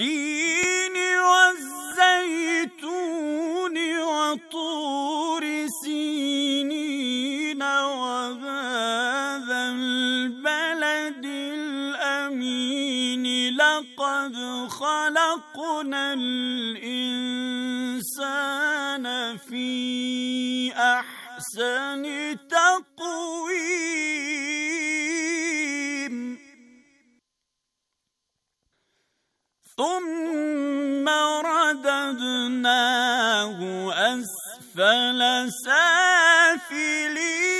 والتين والزيتون وطور سينين وهذا البلد الأمين لقد خلقنا الإنسان في أحسن تقويم ثم رددناه أسفل سافلين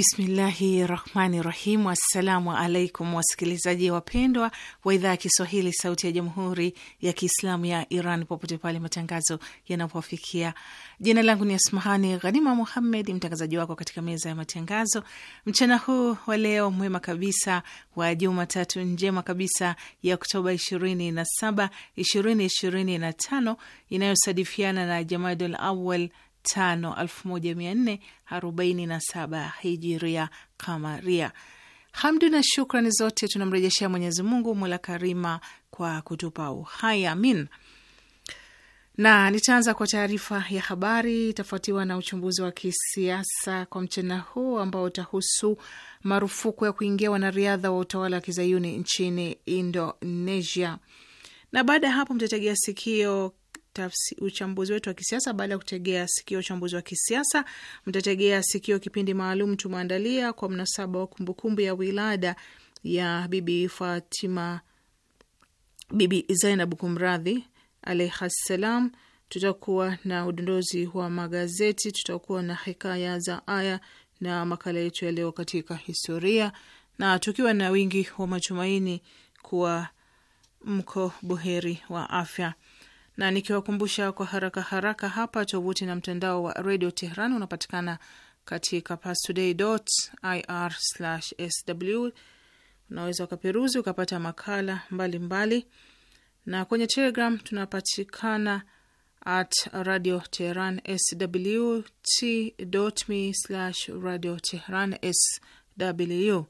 Bismillahi rahmani rahim. Assalamu alaikum wasikilizaji wapendwa wa idhaa ya Kiswahili sauti ya jamhuri ya Kiislamu ya Iran popote pale matangazo yanapofikia. Jina langu ni Asmahani Ghanima Muhammed, mtangazaji wako katika meza ya matangazo mchana huu wa leo mwema kabisa wa Jumatatu njema kabisa ya Oktoba ishirini na saba ishirini ishirini na tano inayosadifiana na Jamadul Awal tano elfu moja mia nne arobaini na saba hijiria kamaria. Hamdu na shukrani zote tunamrejeshea Mwenyezi Mungu karima kwa kutupa uhai, amin. Na nitaanza kwa taarifa ya habari, itafuatiwa na uchambuzi wa kisiasa kwa mchana huu ambao utahusu marufuku ya kuingia wanariadha wa utawala wa kizayuni nchini Indonesia, na baada ya hapo mtategea sikio tafsi, uchambuzi wetu wa kisiasa. Baada ya kutegea sikio uchambuzi wa kisiasa, mtategea sikio kipindi maalum tumeandalia kwa mnasaba wa kumbukumbu ya wilada ya Bibi Fatima, Bibi Zainab kumradhi, alaihi salam. Tutakuwa na udondozi wa magazeti, tutakuwa na hikaya za aya na makala yetu ya leo katika historia, na tukiwa na wingi wa matumaini kuwa mko buheri wa afya na nikiwakumbusha kwa haraka haraka hapa tovuti na mtandao wa redio Tehran unapatikana katika pastoday.ir/sw. Unaweza ukaperuzi ukapata makala mbalimbali mbali. Na kwenye Telegram tunapatikana at radio Tehran sw t.me radio Tehran sw.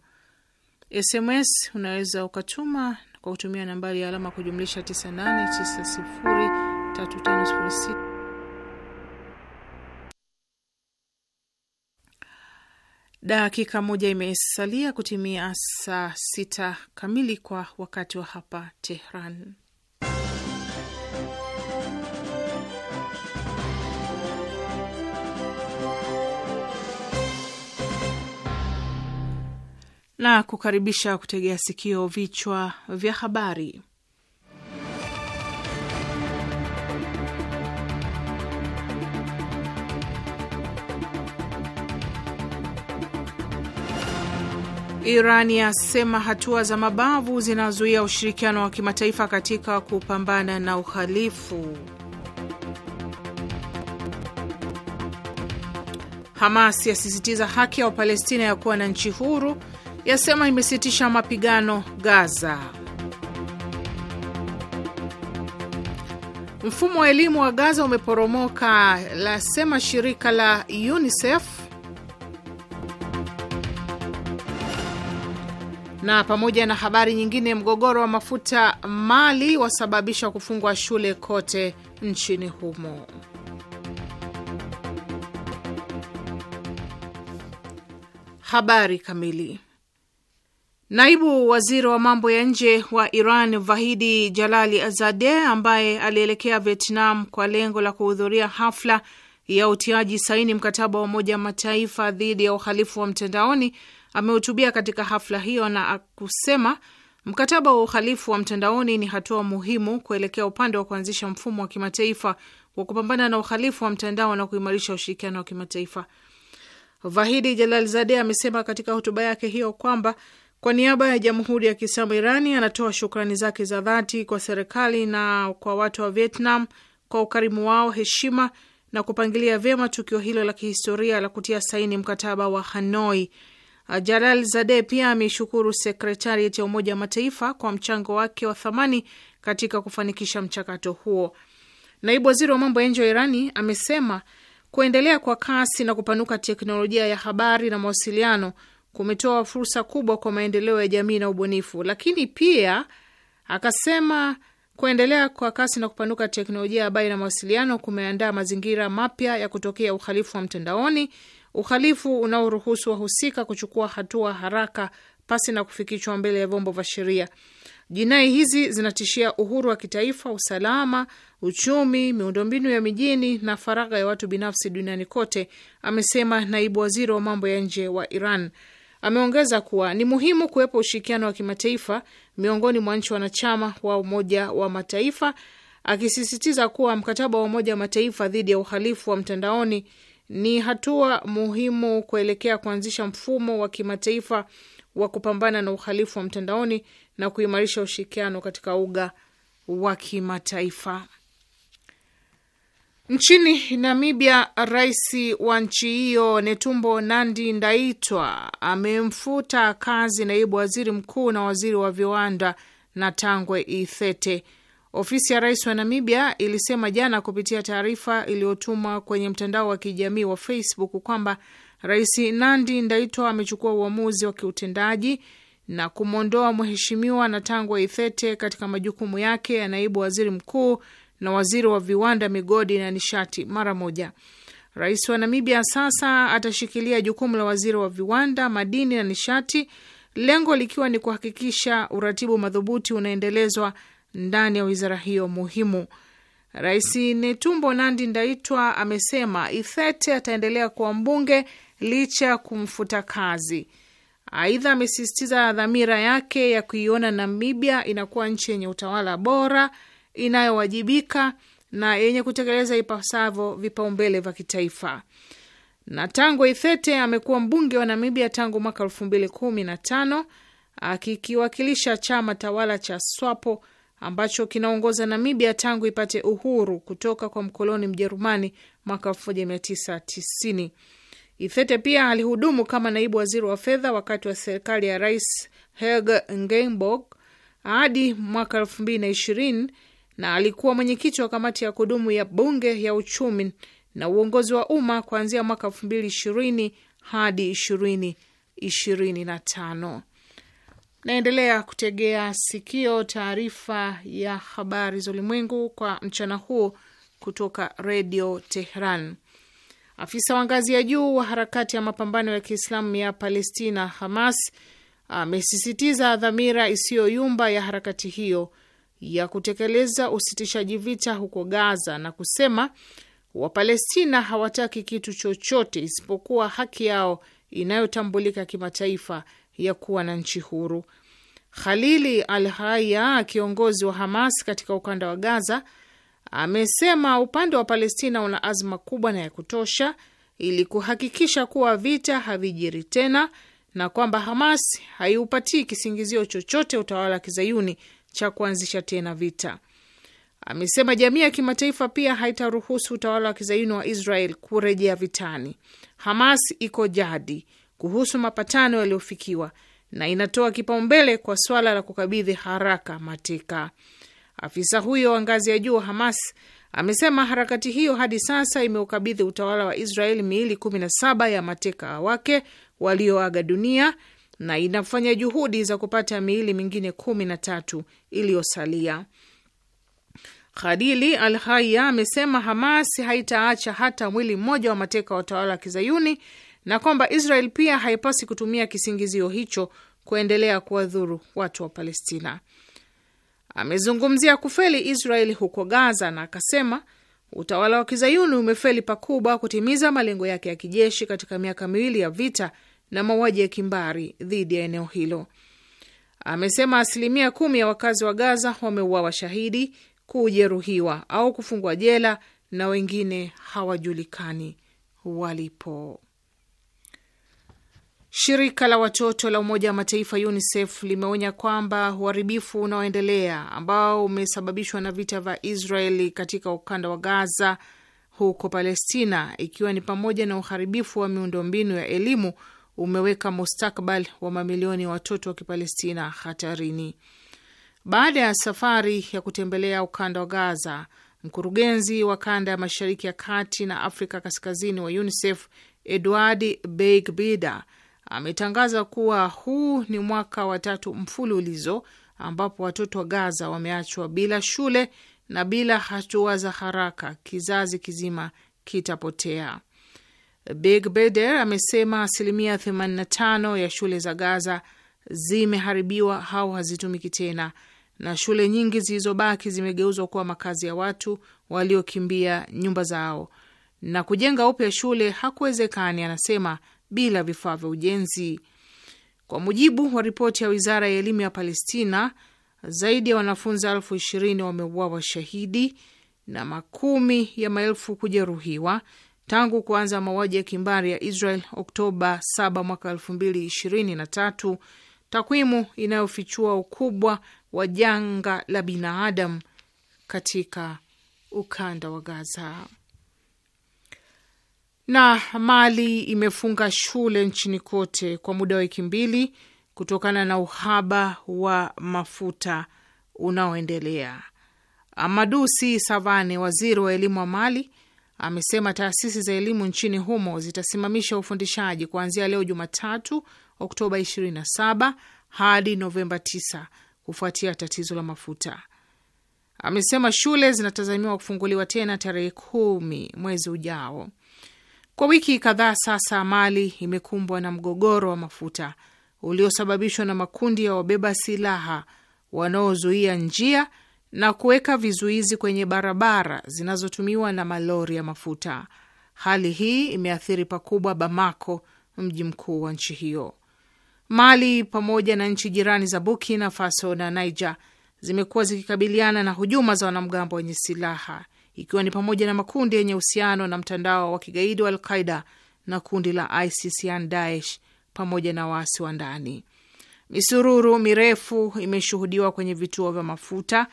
SMS unaweza ukatuma kwa kutumia nambari ya alama kujumlisha 9890 Dakika moja imesalia kutimia saa sita kamili kwa wakati wa hapa Tehran. Na kukaribisha kutegea sikio vichwa vya habari. Iran yasema hatua za mabavu zinazuia ushirikiano wa kimataifa katika kupambana na uhalifu. Hamas yasisitiza haki ya Wapalestina ya kuwa na nchi huru, yasema imesitisha mapigano Gaza. Mfumo wa elimu wa Gaza umeporomoka, lasema shirika la UNICEF. Na pamoja na habari nyingine, mgogoro wa mafuta Mali wasababisha kufungwa shule kote nchini humo. Habari kamili. Naibu waziri wa mambo ya nje wa Iran Vahidi Jalali Azadeh ambaye alielekea Vietnam kwa lengo la kuhudhuria hafla ya utiaji saini mkataba wa Umoja wa Mataifa dhidi ya uhalifu wa mtandaoni amehutubia katika hafla hiyo na kusema mkataba wa uhalifu wa mtandaoni ni hatua muhimu kuelekea upande wa kuanzisha mfumo wa kimataifa wa kupambana na uhalifu wa mtandao na kuimarisha ushirikiano wa kimataifa. Vahidi Jalalzadeh amesema katika hotuba yake hiyo kwamba kwa niaba ya Jamhuri ya Kiislamu Irani anatoa shukrani zake za dhati kwa serikali na kwa watu wa Vietnam kwa ukarimu wao, heshima na kupangilia vyema tukio hilo la kihistoria la kutia saini mkataba wa Hanoi. Ah, Jalal zade pia ameshukuru sekretariat ya Umoja wa Mataifa kwa mchango wake wa thamani katika kufanikisha mchakato huo. Naibu waziri wa mambo ya nje wa Irani amesema kuendelea kwa kasi na kupanuka teknolojia ya habari na mawasiliano kumetoa fursa kubwa kwa maendeleo ya jamii na ubunifu, lakini pia akasema Kuendelea kwa kasi na kupanuka teknolojia ya habari na mawasiliano kumeandaa mazingira mapya ya kutokea uhalifu wa mtandaoni, uhalifu unaoruhusu wahusika kuchukua hatua haraka pasi na kufikishwa mbele ya vyombo vya sheria. Jinai hizi zinatishia uhuru wa kitaifa, usalama, uchumi, miundombinu ya mijini na faragha ya watu binafsi duniani kote, amesema naibu waziri wa mambo ya nje wa Iran. Ameongeza kuwa ni muhimu kuwepo ushirikiano wa kimataifa miongoni mwa nchi wanachama wa Umoja wa Mataifa, akisisitiza kuwa mkataba wa Umoja wa Mataifa dhidi ya uhalifu wa mtandaoni ni hatua muhimu kuelekea kuanzisha mfumo wa kimataifa wa kupambana na uhalifu wa mtandaoni na kuimarisha ushirikiano katika uga wa kimataifa. Nchini Namibia, rais wa nchi hiyo Netumbo Nandi Ndaitwa amemfuta kazi naibu waziri mkuu na waziri wa viwanda na Tangwe Ithete. Ofisi ya rais wa Namibia ilisema jana kupitia taarifa iliyotumwa kwenye mtandao wa kijamii wa Facebook kwamba rais Nandi Ndaitwa amechukua uamuzi wa kiutendaji na kumwondoa mheshimiwa na Tangwe Ithete katika majukumu yake ya naibu waziri mkuu na waziri wa viwanda, migodi na nishati mara moja. Rais wa Namibia sasa atashikilia jukumu la waziri wa viwanda, madini na nishati, lengo likiwa ni kuhakikisha uratibu madhubuti unaendelezwa ndani ya wizara hiyo muhimu. Rais Netumbo Nandi Ndaitwa amesema Ithete ataendelea kuwa mbunge licha ya kumfuta kazi. Aidha, amesisitiza dhamira yake ya kuiona Namibia inakuwa nchi yenye utawala bora inayowajibika na yenye kutekeleza ipasavyo vipaumbele vya kitaifa. Na tangu Ithete amekuwa mbunge wa Namibia tangu mwaka elfu mbili kumi na tano akikiwakilisha chama tawala cha SWAPO ambacho kinaongoza Namibia tangu ipate uhuru kutoka kwa mkoloni Mjerumani mwaka 1990. Ithete pia alihudumu kama naibu waziri wa fedha wakati wa serikali ya Rais Hage Geingob hadi mwaka ishirini na alikuwa mwenyekiti wa kamati ya kudumu ya bunge ya uchumi na uongozi wa umma kuanzia mwaka elfu mbili ishirini hadi ishirini ishirini na tano. Naendelea kutegea sikio taarifa ya habari za ulimwengu kwa mchana huo kutoka Redio Tehran. Afisa wa ngazi ya juu wa harakati ya mapambano ya Kiislamu ya Palestina, Hamas, amesisitiza dhamira isiyoyumba ya harakati hiyo ya kutekeleza usitishaji vita huko Gaza na kusema Wapalestina hawataki kitu chochote isipokuwa haki yao inayotambulika kimataifa ya kuwa na nchi huru. Khalili Al Haya, kiongozi wa Hamas katika ukanda wa Gaza, amesema upande wa Palestina una azma kubwa na ya kutosha ili kuhakikisha kuwa vita havijiri tena na kwamba Hamas haiupatii kisingizio chochote utawala wa kizayuni cha kuanzisha tena vita. Amesema jamii ya kimataifa pia haitaruhusu utawala wa kizaini wa Israel kurejea vitani. Hamas iko jadi kuhusu mapatano yaliyofikiwa na inatoa kipaumbele kwa swala la kukabidhi haraka mateka. Afisa huyo wa ngazi ya juu wa Hamas amesema harakati hiyo hadi sasa imeukabidhi utawala wa Israel miili 17 ya mateka wake walioaga dunia na inafanya juhudi za kupata miili mingine kumi na tatu iliyosalia. Khadili Al Haya amesema Hamas haitaacha hata mwili mmoja wa mateka wa utawala wa kizayuni na kwamba Israel pia haipasi kutumia kisingizio hicho kuendelea kuwadhuru watu wa Palestina. Amezungumzia kufeli Israel huko Gaza na akasema utawala wa kizayuni umefeli pakubwa kutimiza malengo yake ya kijeshi katika miaka miwili ya vita na mauaji ya kimbari dhidi ya eneo hilo. Amesema asilimia kumi ya wakazi wa Gaza wameuawa shahidi, kujeruhiwa au kufungwa jela na wengine hawajulikani walipo. Shirika la watoto la Umoja wa Mataifa UNICEF limeonya kwamba uharibifu unaoendelea ambao umesababishwa na vita vya Israeli katika ukanda wa Gaza huko Palestina, ikiwa ni pamoja na uharibifu wa miundombinu ya elimu umeweka mustakbal wa mamilioni ya watoto wa Kipalestina hatarini. Baada ya safari ya kutembelea ukanda wa Gaza, mkurugenzi wa kanda ya mashariki ya kati na Afrika kaskazini wa UNICEF Edward Beigbida ametangaza kuwa huu ni mwaka wa tatu mfululizo ambapo watoto wa Gaza wameachwa bila shule na bila hatua za haraka, kizazi kizima kitapotea. Big Beder amesema asilimia 85 ya shule za Gaza zimeharibiwa au hazitumiki tena na shule nyingi zilizobaki zimegeuzwa kuwa makazi ya watu waliokimbia nyumba zao, na kujenga upya shule hakuwezekani, anasema, bila vifaa vya ujenzi. Kwa mujibu wa ripoti ya wizara ya elimu ya Palestina, zaidi ya wanafunzi elfu ishirini wameuawa shahidi na makumi ya maelfu kujeruhiwa Tangu kuanza mauaji ya kimbari ya Israel Oktoba 7 mwaka 2023, takwimu inayofichua ukubwa wa janga la binadamu katika ukanda wa Gaza. Na Mali imefunga shule nchini kote kwa muda wa wiki mbili kutokana na uhaba wa mafuta unaoendelea. Amadou Savane, waziri wa elimu wa Mali, amesema taasisi za elimu nchini humo zitasimamisha ufundishaji kuanzia leo Jumatatu Oktoba 27 hadi Novemba 9 kufuatia tatizo la mafuta. Amesema shule zinatazamiwa kufunguliwa tena tarehe kumi mwezi ujao. Kwa wiki kadhaa sasa, Mali imekumbwa na mgogoro wa mafuta uliosababishwa na makundi ya wabeba silaha wanaozuia njia na kuweka vizuizi kwenye barabara zinazotumiwa na malori ya mafuta. Hali hii imeathiri pakubwa Bamako, mji mkuu wa nchi hiyo. Mali pamoja na nchi jirani za Burkina Faso na Niger zimekuwa zikikabiliana na hujuma za wanamgambo wenye silaha ikiwa ni pamoja na makundi yenye uhusiano na mtandao wa kigaidi wa Alqaida na kundi la ISIS yani Daesh pamoja na waasi wa ndani. Misururu mirefu imeshuhudiwa kwenye vituo vya mafuta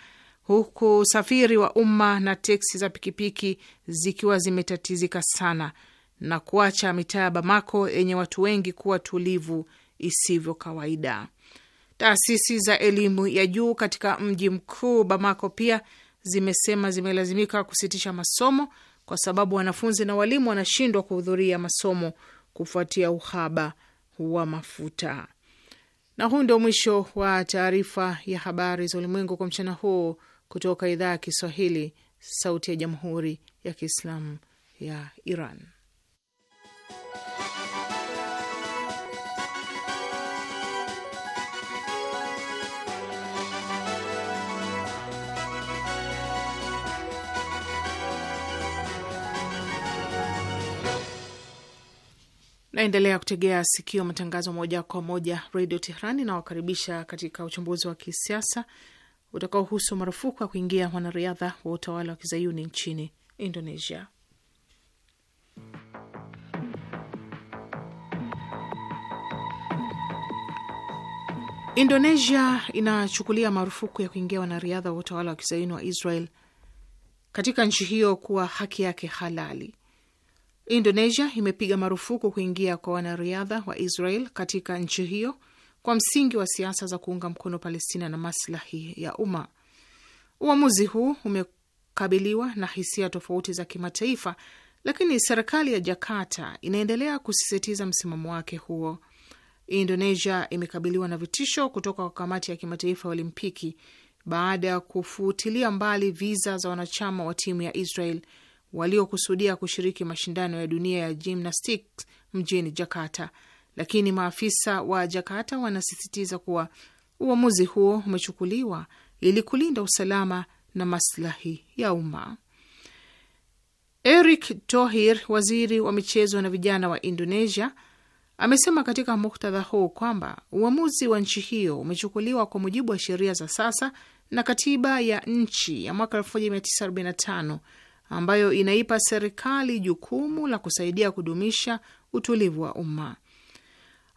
huku usafiri wa umma na teksi za pikipiki zikiwa zimetatizika sana na kuacha mitaa ya Bamako yenye watu wengi kuwa tulivu isivyo kawaida. Taasisi za elimu ya juu katika mji mkuu Bamako pia zimesema zimelazimika kusitisha masomo kwa sababu wanafunzi na walimu wanashindwa kuhudhuria masomo kufuatia uhaba wa mafuta. Na huu ndio mwisho wa taarifa ya habari za ulimwengu kwa mchana huu kutoka idhaa ya Kiswahili, Sauti ya Jamhuri ya Kiislamu ya Iran. Naendelea kutegea sikio matangazo moja kwa moja redio Tehrani. Nawakaribisha katika uchambuzi wa kisiasa utakaohusu marufuku ya kuingia wanariadha wa utawala wa kizayuni nchini Indonesia. Indonesia inachukulia marufuku ya kuingia wanariadha wa utawala wa kizayuni wa Israel katika nchi hiyo kuwa haki yake halali. Indonesia imepiga marufuku kuingia kwa wanariadha wa Israel katika nchi hiyo kwa msingi wa siasa za kuunga mkono Palestina na maslahi ya umma. Uamuzi huu umekabiliwa na hisia tofauti za kimataifa, lakini serikali ya Jakarta inaendelea kusisitiza msimamo wake huo. Indonesia imekabiliwa na vitisho kutoka kwa kamati ya kimataifa ya Olimpiki baada ya kufutilia mbali viza za wanachama wa timu ya Israel waliokusudia kushiriki mashindano ya dunia ya gymnastics mjini Jakarta lakini maafisa wa Jakarta wanasisitiza kuwa uamuzi huo umechukuliwa ili kulinda usalama na maslahi ya umma. eric Thohir, waziri wa michezo na vijana wa Indonesia, amesema katika muktadha huu kwamba uamuzi wa nchi hiyo umechukuliwa kwa mujibu wa sheria za sasa na katiba ya nchi ya mwaka 1945 ambayo inaipa serikali jukumu la kusaidia kudumisha utulivu wa umma.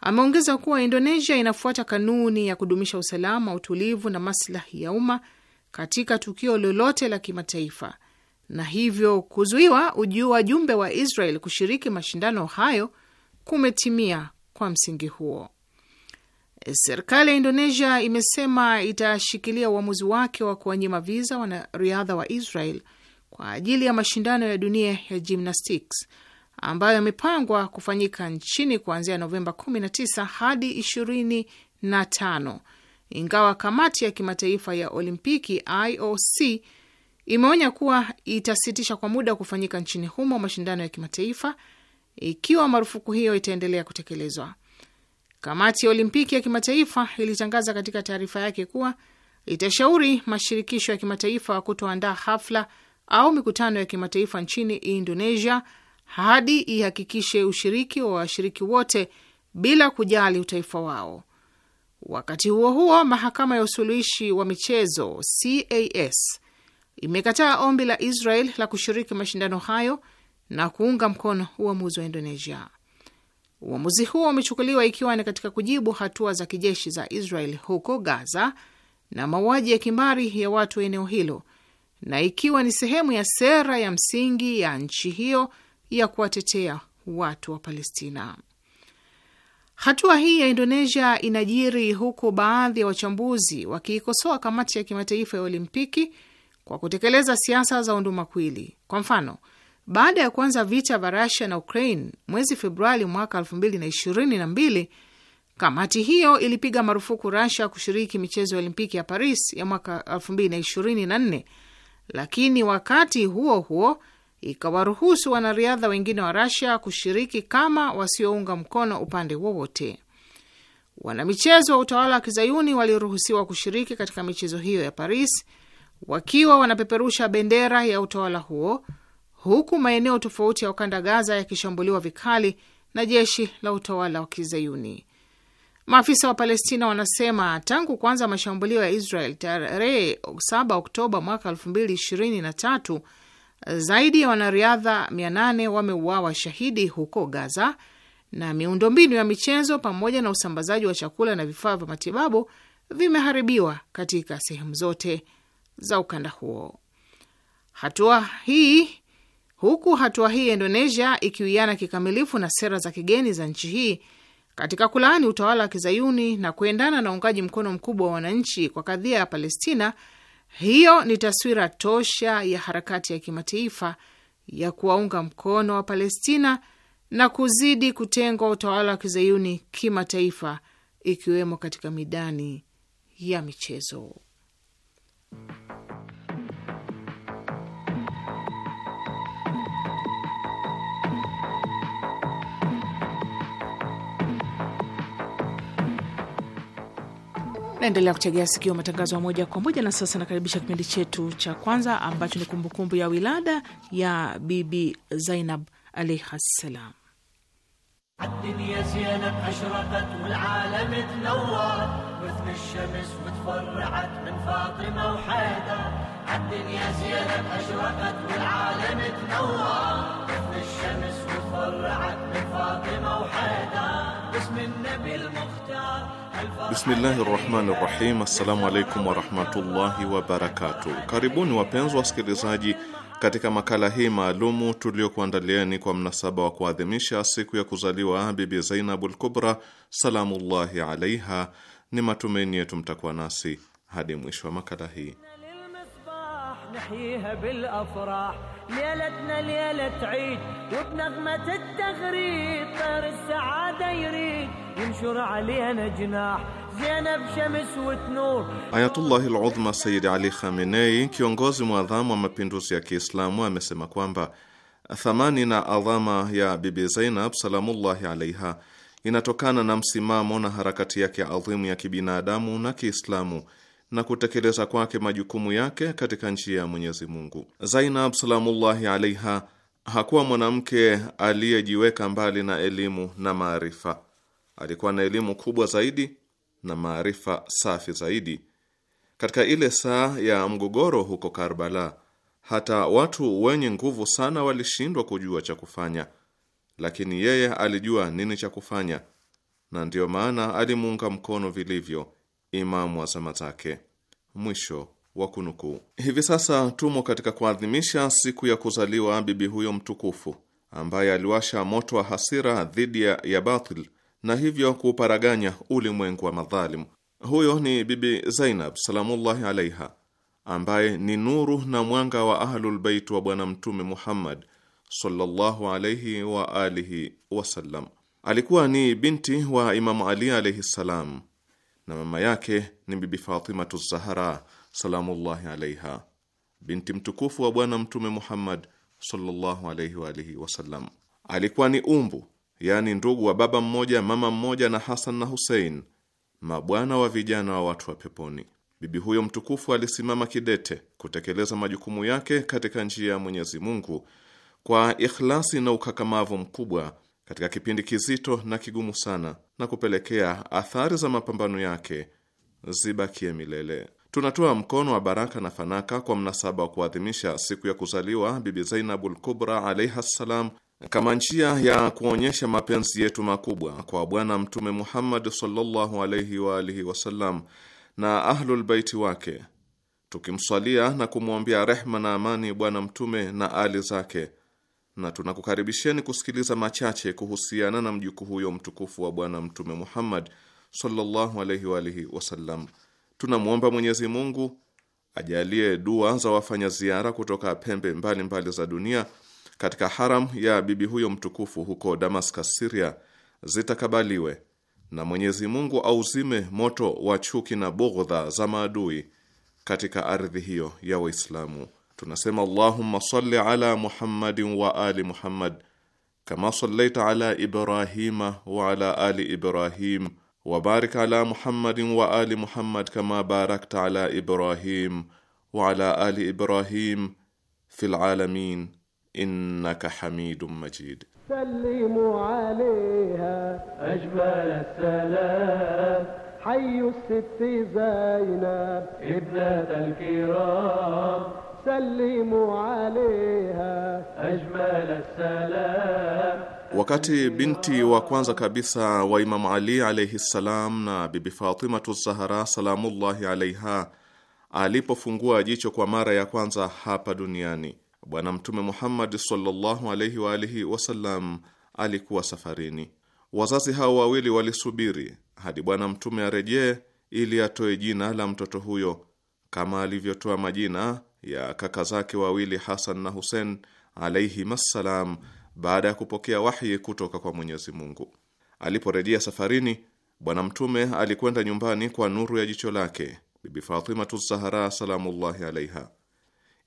Ameongeza kuwa Indonesia inafuata kanuni ya kudumisha usalama, utulivu na maslahi ya umma katika tukio lolote la kimataifa, na hivyo kuzuiwa ujuu wajumbe wa Israel kushiriki mashindano hayo kumetimia kwa msingi huo. Serikali ya Indonesia imesema itashikilia uamuzi wake wa kuwanyima viza wanariadha wa Israel kwa ajili ya mashindano ya dunia ya gymnastics ambayo yamepangwa kufanyika nchini kuanzia Novemba 19 hadi 25, ingawa kamati ya kimataifa ya Olimpiki IOC imeonya kuwa itasitisha kwa muda kufanyika nchini humo mashindano ya kimataifa ikiwa marufuku hiyo itaendelea kutekelezwa. Kamati ya Olimpiki ya kimataifa ilitangaza katika taarifa yake kuwa itashauri mashirikisho ya kimataifa kutoandaa hafla au mikutano ya kimataifa nchini Indonesia hadi ihakikishe ushiriki wa washiriki wote bila kujali utaifa wao. Wakati huo huo, mahakama ya usuluhishi wa michezo CAS imekataa ombi la Israel la kushiriki mashindano hayo na kuunga mkono uamuzi wa Indonesia. Uamuzi huo umechukuliwa ikiwa ni katika kujibu hatua za kijeshi za Israel huko Gaza na mauaji ya kimbari ya watu wa eneo hilo na ikiwa ni sehemu ya sera ya msingi ya nchi hiyo ya kuwatetea watu wa Palestina. Hatua hii ya Indonesia inajiri huku baadhi ya wachambuzi wakiikosoa kamati ya kimataifa ya Olimpiki kwa kutekeleza siasa za undumakwili Kwa mfano, baada ya kuanza vita vya Rusia na Ukraine mwezi Februari mwaka 2022, kamati hiyo ilipiga marufuku Rusia kushiriki michezo ya Olimpiki ya Paris ya mwaka 2024, lakini wakati huo huo ikawaruhusu wanariadha wengine wa Rasia kushiriki kama wasiounga mkono upande wowote. Wanamichezo wa utawala wa kizayuni waliruhusiwa kushiriki katika michezo hiyo ya Paris wakiwa wanapeperusha bendera ya utawala huo, huku maeneo tofauti ya ukanda Gaza yakishambuliwa vikali na jeshi la utawala wa kizayuni. Maafisa wa Palestina wanasema tangu kuanza mashambulio ya Israel tarehe 7 Oktoba mwaka zaidi ya wanariadha 800 wameuawa shahidi huko Gaza, na miundombinu ya michezo pamoja na usambazaji wa chakula na vifaa vya matibabu vimeharibiwa katika sehemu zote za ukanda huo. Hatua hii huku hatua hii ya Indonesia ikiwiana kikamilifu na sera za kigeni za nchi hii katika kulaani utawala wa kizayuni na kuendana na uungaji mkono mkubwa wa wananchi kwa kadhia ya Palestina hiyo ni taswira tosha ya harakati ya kimataifa ya kuwaunga mkono wa Palestina na kuzidi kutengwa utawala wa kizayuni kimataifa, ikiwemo katika midani ya michezo. Naendelea kutegea sikio matangazo ya moja kwa moja, na sasa nakaribisha kipindi chetu cha kwanza ambacho ni kumbukumbu kumbu ya wilada ya Bibi Zainab alaihi ssalam. Bismillahi rahmani rahim. Assalamu alaikum warahmatullahi wabarakatuh. Karibuni wapenzi wasikilizaji, katika makala hii maalumu tuliokuandaliani kwa mnasaba wa kuadhimisha siku ya kuzaliwa Bibi zainabu lkubra salamullahi alaiha. Ni matumaini yetu mtakuwa nasi hadi mwisho wa makala hii. ليلتنا ليلة عيد وبنغمة التغريد طير السعادة يريد ينشر علينا جناح زينب شمس وتنور Ayatullah al-Udhma Sayyid Ali Khamenei, kiongozi mwadhamu wa mapinduzi ya Kiislamu, amesema kwamba thamani na adhama ya Bibi Zainab salamullahi alaiha inatokana na msimamo na harakati yake adhimu ya kibinadamu na Kiislamu na kutekeleza kwake majukumu yake katika njia ya Mwenyezi Mungu. Zainab salamullahi alaiha hakuwa mwanamke aliyejiweka mbali na elimu na maarifa. Alikuwa na elimu kubwa zaidi na maarifa safi zaidi. Katika ile saa ya mgogoro huko Karbala, hata watu wenye nguvu sana walishindwa kujua cha kufanya, lakini yeye alijua nini cha kufanya, na ndiyo maana alimuunga mkono vilivyo imamu wa zama zake. Mwisho wa kunukuu. Hivi sasa tumo katika kuadhimisha siku ya kuzaliwa bibi huyo mtukufu ambaye aliwasha moto wa hasira dhidi ya batil na hivyo kuuparaganya ulimwengu wa madhalimu. Huyo ni Bibi Zainab salamullahi alaiha, ambaye ni nuru na mwanga wa Ahlulbeit wa Bwana Mtume Muhammad sallallahu alaihi wa alihi wasallam. Alikuwa ni binti wa Imamu Ali alaihi ssalam na mama yake ni Bibi Fatimatu Zahara salamullahi alaiha, binti mtukufu wa Bwana Mtume Muhammad sallallahu alaihi wa alihi wasallam. Alikuwa ni umbu, yaani ndugu wa baba mmoja mama mmoja na Hasan na Husein, mabwana wa vijana wa watu wa peponi. Bibi huyo mtukufu alisimama kidete kutekeleza majukumu yake katika njia ya Mwenyezi Mungu kwa ikhlasi na ukakamavu mkubwa katika kipindi kizito na kigumu sana na kupelekea athari za mapambano yake zibakie milele. Tunatoa mkono wa baraka na fanaka kwa mnasaba wa kuadhimisha siku ya kuzaliwa Bibi zainabu lkubra alaiha ssalam, kama njia ya kuonyesha mapenzi yetu makubwa kwa Bwana Mtume Muhammad sallallahu alaihi wa alihi wasallam na ahlulbaiti wake, tukimswalia na kumwombea rehma na amani Bwana Mtume na ali zake na tunakukaribisheni kusikiliza machache kuhusiana na mjukuu huyo mtukufu wa Bwana Mtume Muhammad sallallahu alaihi wa alihi wasallam. Tunamwomba Mwenyezi Mungu ajalie dua za wafanya ziara kutoka pembe mbalimbali mbali za dunia katika haram ya bibi huyo mtukufu huko Damascus, Syria zitakabaliwe na Mwenyezi Mungu auzime moto wa chuki na bughdha za maadui katika ardhi hiyo ya Waislamu. tunasema Allahumma salli ala Muhammadin wa ali Muhammad kama sallaita ala Ibrahima wa ala ali Ibrahim wa barik ala Muhammadin wa ali Muhammad kama barakta ala Ibrahim wa ala ali Ibrahim fil alamin innaka Hamidum Majid. سلموا عليها أجمل السلام حي الست زينب ابنة الكرام Sallimu alaiha ajmal salam. Wakati binti wa kwanza kabisa wa Imamu Ali alayhi salam na Bibi Fatimatu Zahra salamullahi alayha alipofungua jicho kwa mara ya kwanza hapa duniani, Bwana Mtume Muhammad sallallahu alayhi wa alihi wasallam alikuwa safarini. Wazazi hao wawili walisubiri hadi Bwana Mtume arejee ili atoe jina la mtoto huyo kama alivyotoa majina ya kaka zake wawili Hasan na Husen alaihim assalam, baada ya kupokea wahyi kutoka kwa Mwenyezi Mungu. Aliporejea safarini, Bwana Mtume alikwenda nyumbani kwa nuru ya jicho lake Bibi Fatimatu Zahara salamullahi alaiha.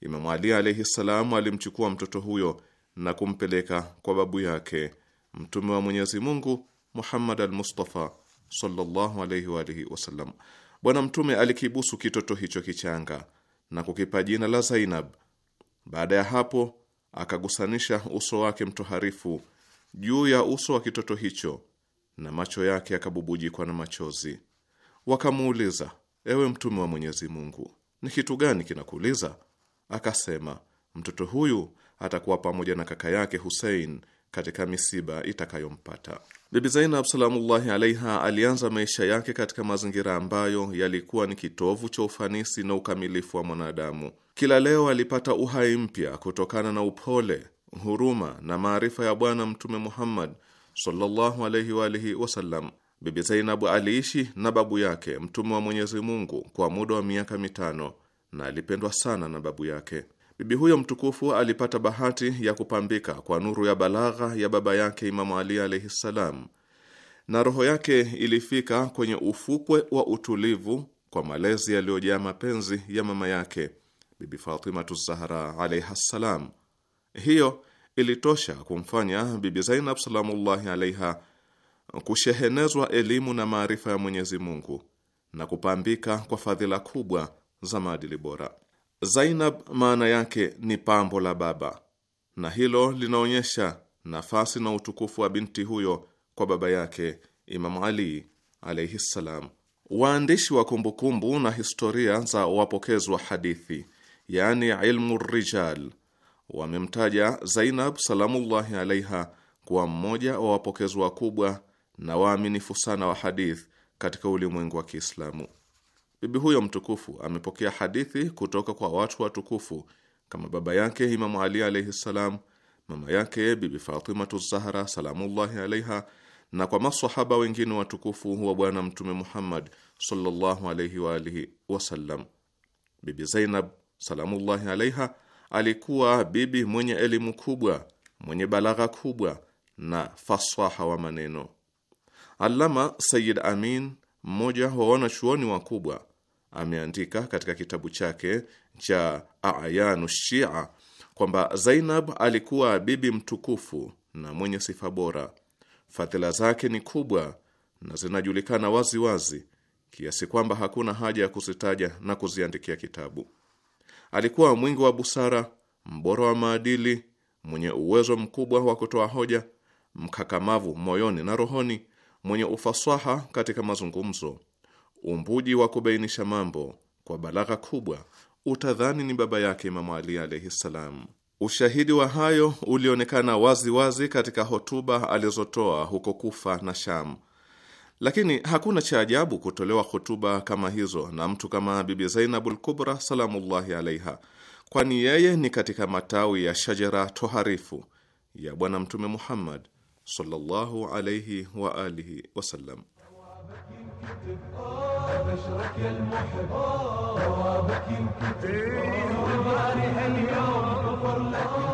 Imamu Ali alaihi salam alimchukua mtoto huyo na kumpeleka kwa babu yake Mtume wa Mwenyezi Mungu Muhammad al-Mustafa sallallahu alayhi wa alihi wasallam. Bwana Mtume alikibusu kitoto hicho kichanga na kukipa jina la Zainab. Baada ya hapo, akagusanisha uso wake mtoharifu juu ya uso wa kitoto hicho na macho yake yakabubujikwa na machozi. Wakamuuliza, ewe Mtume wa Mwenyezi Mungu, ni kitu gani kinakuuliza? Akasema, mtoto huyu atakuwa pamoja na kaka yake Husein katika misiba itakayompata. Bibi Zainab salamullahi alaiha alianza maisha yake katika mazingira ambayo yalikuwa ni kitovu cha ufanisi na ukamilifu wa mwanadamu. Kila leo alipata uhai mpya kutokana na upole, huruma na maarifa ya Bwana Mtume Muhammad sallallahu alaihi wa alihi wasallam. Bibi Zainabu aliishi na babu yake Mtume wa Mwenyezi Mungu kwa muda wa miaka mitano na alipendwa sana na babu yake. Bibi huyo mtukufu alipata bahati ya kupambika kwa nuru ya balagha ya baba yake Imamu Ali alaihi ssalam, na roho yake ilifika kwenye ufukwe wa utulivu kwa malezi yaliyojaa mapenzi ya mama yake Bibi Fatimatu Zahra alaiha ssalam. Hiyo ilitosha kumfanya Bibi Zainab salamullahi alaiha kushehenezwa elimu na maarifa ya Mwenyezi Mungu na kupambika kwa fadhila kubwa za maadili bora. Zainab maana yake ni pambo la baba, na hilo linaonyesha nafasi na utukufu wa binti huyo kwa baba yake Imamu Ali alaihi ssalam. Waandishi wa kumbukumbu na historia za wapokezi wa hadithi, yani ilmu rijal, wamemtaja Zainab salamullahi alaiha kuwa mmoja wa wapokezi wakubwa na waaminifu sana wa hadith katika ulimwengu wa Kiislamu. Bibi huyo mtukufu amepokea hadithi kutoka kwa watu watukufu kama baba yake Imamu Ali alaihi ssalam, mama yake Bibi Fatimatu Zahra salamullahi alaiha, na kwa maswahaba wengine watukufu wa Bwana Mtume Muhammad sallallahu alaihi wa alihi wasallam. Bibi Zainab salamullahi alaiha alikuwa bibi mwenye elimu kubwa, mwenye balagha kubwa na fasaha wa maneno. Allama Sayyid Amin, mmoja wa wanachuoni wakubwa ameandika katika kitabu chake cha Ayanu Shia kwamba Zainab alikuwa bibi mtukufu na mwenye sifa bora. Fadhila zake ni kubwa na zinajulikana wazi wazi kiasi kwamba hakuna haja ya kuzitaja na kuziandikia kitabu. Alikuwa mwingi wa busara, mbora wa maadili, mwenye uwezo mkubwa wa kutoa hoja, mkakamavu moyoni na rohoni, mwenye ufasaha katika mazungumzo umbuji wa kubainisha mambo kwa balagha kubwa, utadhani ni baba yake Imamu Ali alaihi ssalam. Ushahidi wa hayo ulionekana wazi wazi katika hotuba alizotoa huko Kufa na Sham, lakini hakuna cha ajabu kutolewa hotuba kama hizo na mtu kama Bibi Zainabul Kubra salamullahi alaiha, kwani yeye ni katika matawi ya shajara toharifu ya Bwana Mtume Muhammad sallallahu alaihi wa alihi wasallam. بشرك المحب ثوابك يمكن والبارئ اليوم غفر لك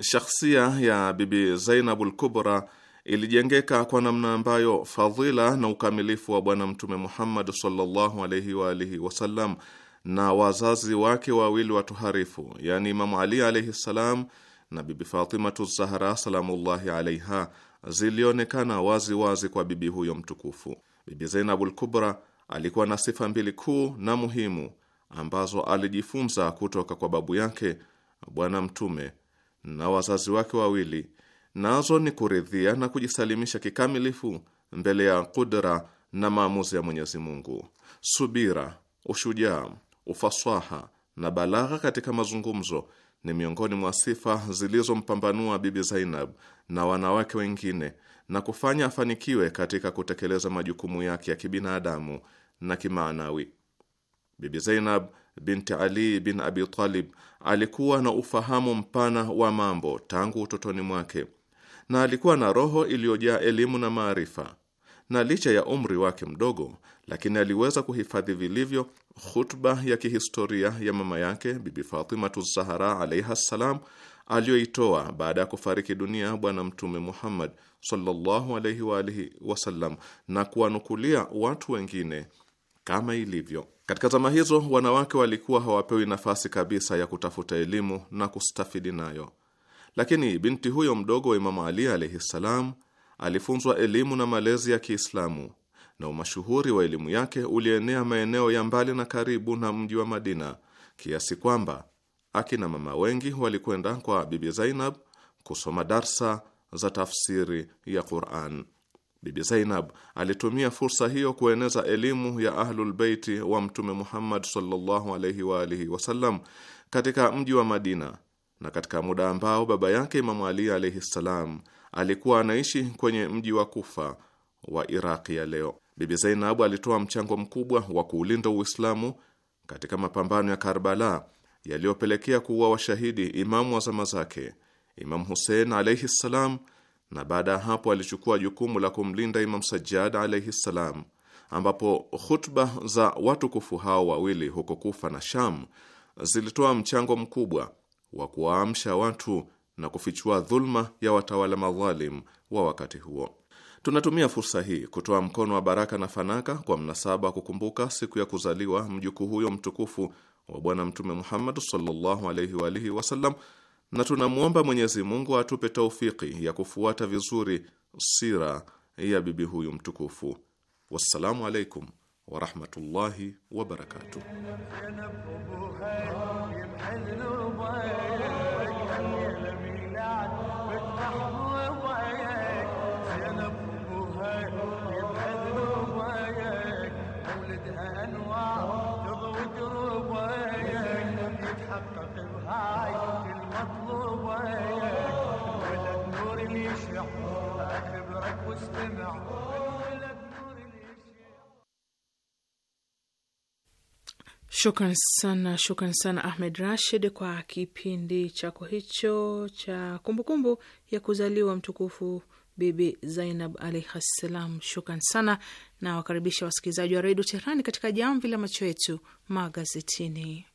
Shakhsia ya Bibi Zainabu al-Kubra ilijengeka kwa namna ambayo fadhila na ukamilifu wa Bwana Mtume Muhammad sallallahu alaihi wa alihi wasallam na wazazi wake wawili watuharifu, yani Imamu Ali alaihi salam na Bibi Fatimatu Zahra salamullahi alaiha zilionekana wazi wazi kwa bibi huyo mtukufu. Bibi Zainabul Kubra alikuwa na sifa mbili kuu na muhimu ambazo alijifunza kutoka kwa babu yake Bwana Mtume na wazazi wake wawili, nazo ni kuridhia na kujisalimisha kikamilifu mbele ya kudra na maamuzi ya Mwenyezi Mungu, subira, ushujaa, ufasaha na balagha katika mazungumzo ni miongoni mwa sifa zilizompambanua Bibi Zainab na wanawake wengine na kufanya afanikiwe katika kutekeleza majukumu yake ya kibinadamu na kimaanawi. Bibi Zainab binti Ali bin Abi Talib alikuwa na ufahamu mpana wa mambo tangu utotoni mwake na alikuwa na roho iliyojaa elimu na maarifa, na licha ya umri wake mdogo lakini aliweza kuhifadhi vilivyo khutba ya kihistoria ya mama yake Bibi Fatimatu Zahara alaiha ssalam aliyoitoa baada ya kufariki dunia Bwana Mtume Muhammad sallallahu alaihi wa alihi wasallam na kuwanukulia watu wengine kama ilivyo. Katika zama hizo, wanawake walikuwa hawapewi nafasi kabisa ya kutafuta elimu na kustafidi nayo, lakini binti huyo mdogo wa Imamu Ali alaihi ssalam alifunzwa elimu na malezi ya Kiislamu na umashuhuri wa elimu yake ulienea maeneo ya mbali na karibu na mji wa Madina, kiasi kwamba akina mama wengi walikwenda kwa Bibi Zainab kusoma darsa za tafsiri ya Quran. Bibi Zainab alitumia fursa hiyo kueneza elimu ya Ahlulbeiti wa Mtume Muhammad sallallahu alaihi wa alihi wasallam katika mji wa Madina, na katika muda ambao baba yake Imamu Ali alaihi ssalam alikuwa anaishi kwenye mji wa Kufa wa Iraqi ya leo. Bibi Zainabu alitoa mchango mkubwa wa kuulinda Uislamu katika mapambano ya Karbala yaliyopelekea kuua washahidi imamu wa zama zake, Imamu Husein alaihi ssalam, na baada ya hapo alichukua jukumu la kumlinda Imamu Sajjad alaihi ssalam, ambapo khutba za watukufu hao wawili huko Kufa na Sham zilitoa mchango mkubwa wa kuwaamsha watu na kufichua dhulma ya watawala madhalim wa wakati huo. Tunatumia fursa hii kutoa mkono wa baraka na fanaka kwa mnasaba wa kukumbuka siku ya kuzaliwa mjukuu huyo mtukufu wa Bwana Mtume Muhammad sallallahu alaihi wa alihi wasallam, na tunamwomba Mwenyezi Mungu atupe taufiki ya kufuata vizuri sira ya bibi huyu mtukufu. Wassalamu alaikum warahmatullahi wabarakatuh. Shukran sana, shukran sana Ahmed Rashid kwa kipindi chako hicho cha kumbukumbu kumbu ya kuzaliwa mtukufu Bibi Zainab alaihi ssalam. Shukran sana, na wakaribisha wasikilizaji wa redio tehrani katika jamvi la macho yetu magazetini.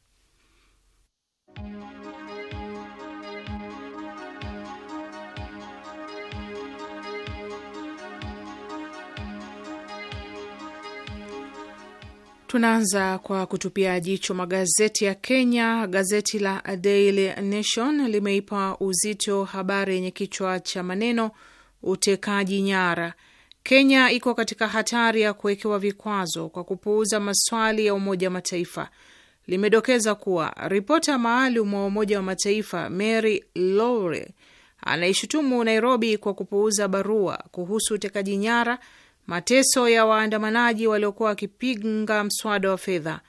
Tunaanza kwa kutupia jicho magazeti ya Kenya. Gazeti la Daily Nation limeipa uzito habari yenye kichwa cha maneno utekaji nyara, Kenya iko katika hatari ya kuwekewa vikwazo kwa kupuuza maswali ya Umoja wa Mataifa. Limedokeza kuwa ripota maalum wa Umoja wa Mataifa Mary Lowry anaishutumu Nairobi kwa kupuuza barua kuhusu utekaji nyara mateso ya waandamanaji waliokuwa wakipinga mswada wa fedha,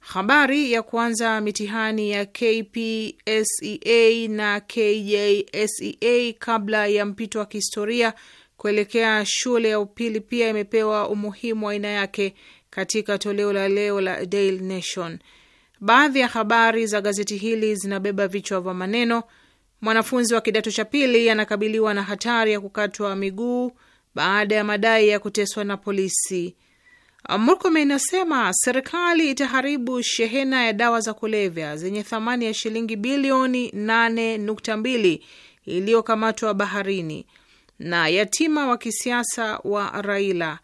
habari ya kuanza mitihani ya KPSEA na KJSEA kabla ya mpito wa kihistoria kuelekea shule ya upili pia imepewa umuhimu wa aina yake katika toleo la leo la Daily Nation. Baadhi ya habari za gazeti hili zinabeba vichwa vya maneno: mwanafunzi wa kidato cha pili anakabiliwa na hatari ya kukatwa miguu baada ya madai ya kuteswa na polisi. Murkomen inasema serikali itaharibu shehena ya dawa za kulevya zenye thamani ya shilingi bilioni 8.2 iliyokamatwa baharini na yatima wa kisiasa wa Raila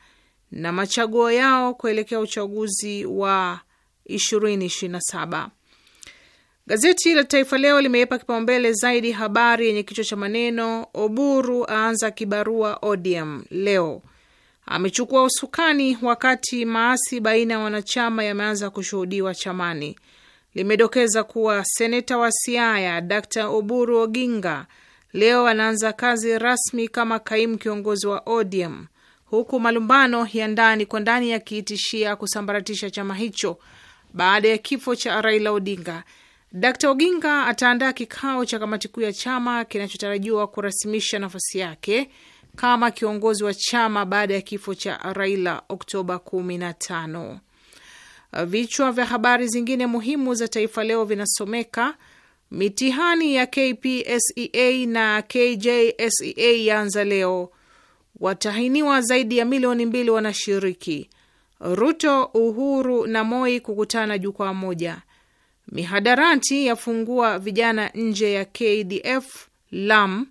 na machaguo yao kuelekea uchaguzi wa 2027. Gazeti la Taifa Leo limeipa kipaumbele zaidi habari yenye kichwa cha maneno Oburu aanza kibarua ODM leo, amechukua usukani wakati maasi baina ya wanachama yameanza kushuhudiwa chamani. Limedokeza kuwa seneta wa Siaya Dr Oburu Oginga leo anaanza kazi rasmi kama kaimu kiongozi wa ODM, huku malumbano ya ndani kwa ndani yakiitishia kusambaratisha chama hicho baada ya kifo cha Raila Odinga Dkt Oginga ataandaa kikao cha kamati kuu ya chama kinachotarajiwa kurasimisha nafasi yake kama kiongozi wa chama baada ya kifo cha Raila Oktoba 15. Vichwa vya habari zingine muhimu za Taifa Leo vinasomeka: mitihani ya KPSEA na KJSEA yaanza leo, watahiniwa zaidi ya milioni mbili wanashiriki. Ruto, Uhuru na Moi kukutana jukwaa moja mihadarati yafungua vijana nje ya KDF Lam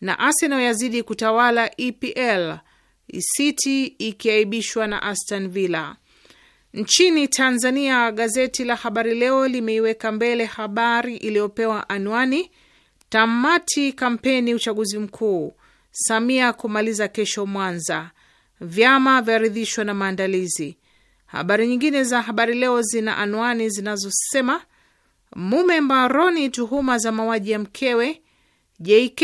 na Arsenal yazidi kutawala EPL, City ikiaibishwa na Aston Villa. Nchini Tanzania, gazeti la Habari Leo limeiweka mbele habari iliyopewa anwani tamati kampeni uchaguzi mkuu, Samia kumaliza kesho Mwanza, vyama vyaridhishwa na maandalizi. Habari nyingine za Habari Leo zina anwani zinazosema Mume mbaroni tuhuma za mauaji ya mkewe. JK